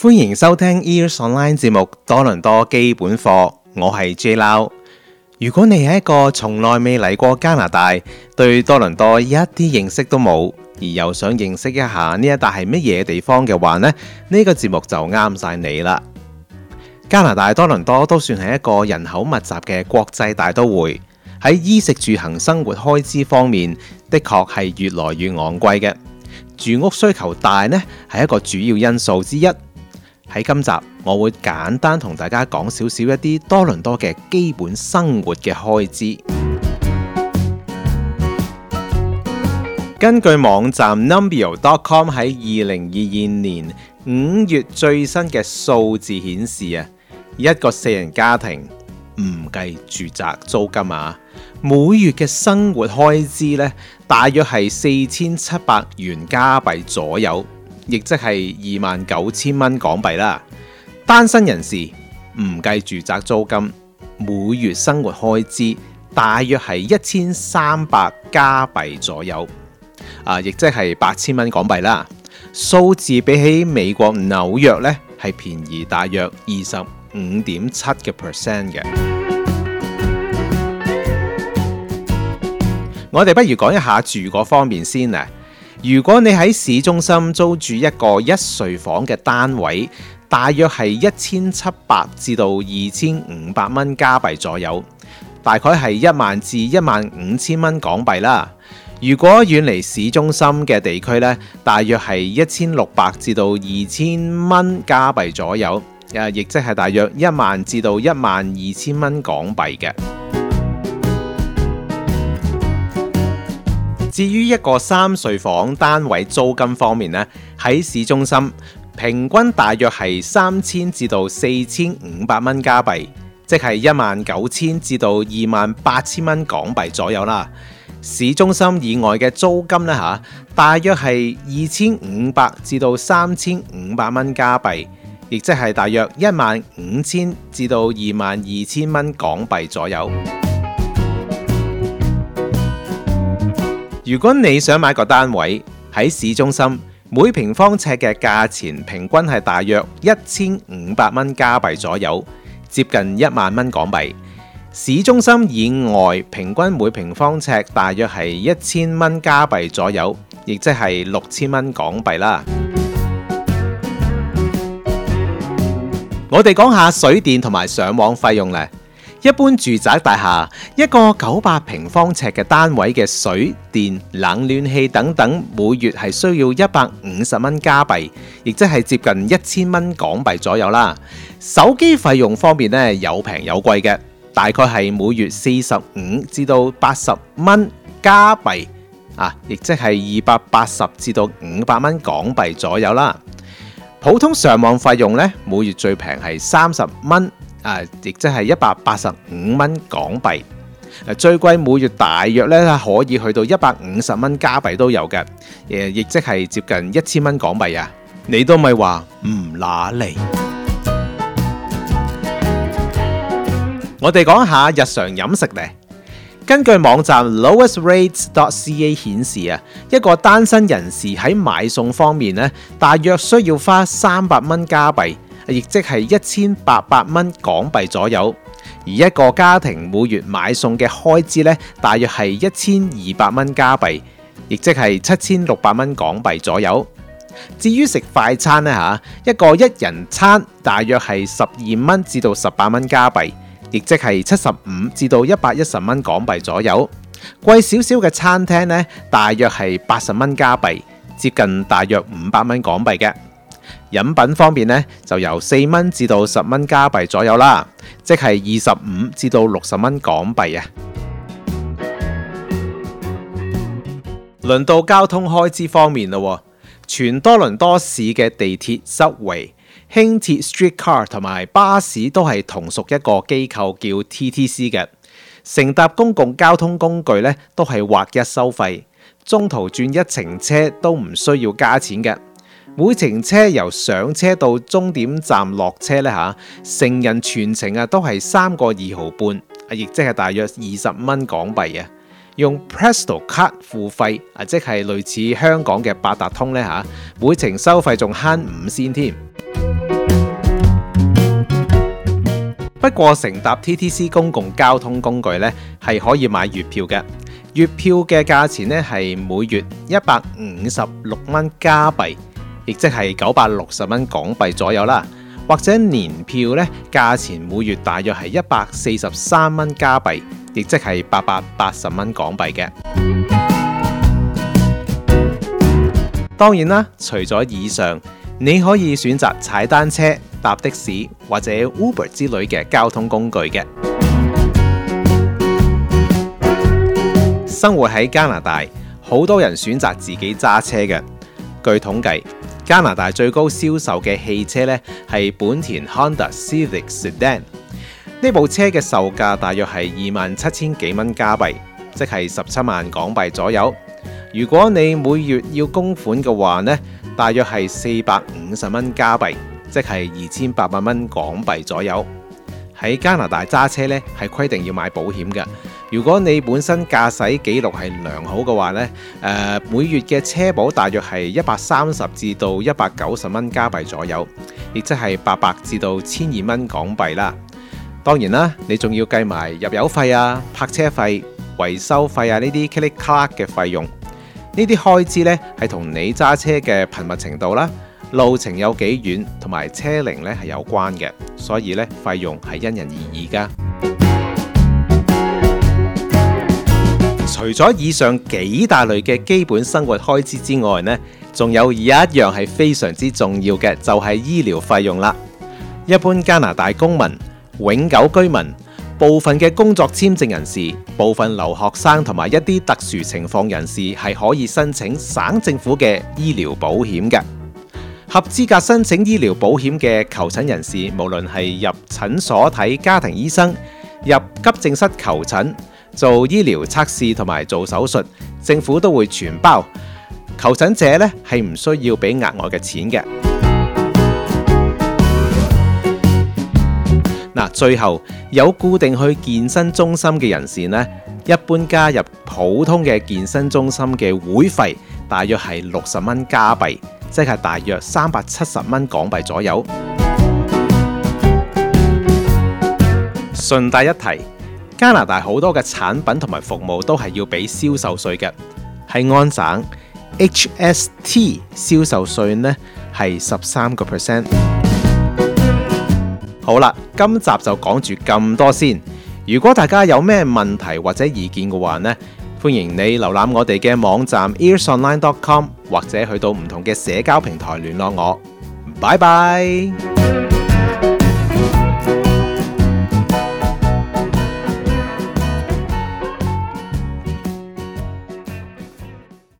歡迎收聽 Ears Online 節目《多倫多基本課》，我係 J 撈。如果你係一個從來未嚟過加拿大，對多倫多一啲認識都冇，而又想認識一下呢一帶係乜嘢地方嘅話，呢呢個節目就啱晒你啦。加拿大多倫多都算係一個人口密集嘅國際大都會，喺衣食住行生活開支方面的確係越來越昂貴嘅，住屋需求大呢係一個主要因素之一。喺今集，我會簡單同大家講少少一啲多倫多嘅基本生活嘅開支。根據網站 Numbeo.com 喺二零二二年五月最新嘅數字顯示啊，一個四人家庭唔計住宅租金啊，每月嘅生活開支呢，大約係四千七百元加幣左右。亦即係二萬九千蚊港幣啦，單身人士唔計住宅租金，每月生活開支大約係一千三百加幣左右，啊，亦即係八千蚊港幣啦。數字比起美國紐約呢係便宜大約二十五點七嘅 percent 嘅。 我哋不如講一下住嗰方面先啊。如果你喺市中心租住一個一睡房嘅單位，大約係一千七百至到二千五百蚊加幣左右，大概係一萬至一萬五千蚊港幣啦。如果遠離市中心嘅地區呢，大約係一千六百至到二千蚊加幣左右，誒，亦即係大約一萬至到一萬二千蚊港幣嘅。至於一個三睡房單位租金方面咧，喺市中心平均大約係三千至到四千五百蚊加幣，即係一萬九千至到二萬八千蚊港幣左右啦。市中心以外嘅租金呢吓，大約係二千五百至到三千五百蚊加幣，亦即係大約一萬五千至到二萬二千蚊港幣左右。如果你想買個單位喺市中心，每平方尺嘅價錢平均係大約一千五百蚊加幣左右，接近一萬蚊港幣。市中心以外，平均每平方尺大約係一千蚊加幣左右，亦即係六千蚊港幣啦。 我哋講下水電同埋上網費用呢。一般住宅大廈一個九百平方尺嘅單位嘅水電、冷暖氣等等，每月係需要一百五十蚊加幣，亦即係接近一千蚊港幣左右啦。手機費用方面呢，有平有貴嘅，大概係每月四十五至到八十蚊加幣啊，亦即係二百八十至到五百蚊港幣左右啦。普通上網費用呢，每月最平係三十蚊。啊！亦即係一百八十五蚊港幣，最貴每月大約咧可以去到一百五十蚊加幣都有嘅，誒，亦即係接近一千蚊港幣啊！你都咪話唔拿嚟？我哋講下日常飲食呢。根據網站 lowestrates.ca 顯示啊，一個單身人士喺買餸方面呢，大約需要花三百蚊加幣。亦即係一千八百蚊港幣左右，而一個家庭每月買餸嘅開支呢，大約係一千二百蚊加幣，亦即係七千六百蚊港幣左右。至於食快餐呢，吓，一個一人餐大約係十二蚊至到十八蚊加幣，亦即係七十五至到一百一十蚊港幣左右。貴少少嘅餐廳呢，大約係八十蚊加幣，接近大約五百蚊港幣嘅。飲品方面咧，就由四蚊至到十蚊加幣左右啦，即係二十五至到六十蚊港幣啊！輪到交通開支方面咯，全多倫多市嘅地鐵、Subway 輕鐵、Streetcar 同埋巴士都係同屬一個機構叫 TTC 嘅，乘搭公共交通工具咧都係劃一收費，中途轉一程車都唔需要加錢嘅。每程車由上車到終點站落車咧，吓成人全程啊，都係三個二毫半啊，亦即係大約二十蚊港幣啊。用 Presto 卡付費啊，即係類似香港嘅八達通咧。吓每程收費仲慳五仙添。不過，乘搭 TTC 公共交通工具咧，係可以買月票嘅。月票嘅價錢咧係每月一百五十六蚊加幣。亦即係九百六十蚊港幣左右啦，或者年票呢，價錢每月大約係一百四十三蚊加幣，亦即係八百八十蚊港幣嘅。當然啦，除咗以上，你可以選擇踩單車、搭的士或者 Uber 之類嘅交通工具嘅。生活喺加拿大，好多人選擇自己揸車嘅。據統計，加拿大最高銷售嘅汽車呢，係本田 Honda Civic Sedan。呢部車嘅售價大約係二萬七千幾蚊加幣，即係十七萬港幣左右。如果你每月要供款嘅話呢，大約係四百五十蚊加幣，即係二千八百蚊港幣左右。喺加拿大揸車呢，係規定要買保險嘅。如果你本身駕駛記錄係良好嘅話呢，誒、呃、每月嘅車保大約係一百三十至到一百九十蚊加幣左右，亦即係八百至到千二蚊港幣啦。當然啦，你仲要計埋入油費啊、泊車費、維修費啊呢啲 c k c 嘅費用。呢啲開支呢，係同你揸車嘅頻密程度啦、路程有幾遠同埋車齡呢係有關嘅，所以呢費用係因人而異㗎。除咗以上幾大類嘅基本生活開支之外呢，呢仲有一樣係非常之重要嘅，就係醫療費用啦。一般加拿大公民、永久居民、部分嘅工作簽證人士、部分留學生同埋一啲特殊情況人士係可以申請省政府嘅醫療保險嘅。合資格申請醫療保險嘅求診人士，無論係入診所睇家庭醫生、入急症室求診，做醫療測試同埋做手術，政府都會全包。求診者呢係唔需要俾額外嘅錢嘅。嗱，最後有固定去健身中心嘅人士呢，一般加入普通嘅健身中心嘅會費，大約係六十蚊加幣，即係大約三百七十蚊港幣左右。順帶一提。加拿大好多嘅產品同埋服務都係要俾銷售稅嘅，喺安省 HST 銷售稅呢係十三個 percent。好啦，今集就講住咁多先。如果大家有咩問題或者意見嘅話呢，歡迎你瀏覽我哋嘅網站 earsonline.com 或者去到唔同嘅社交平台聯絡我。拜拜。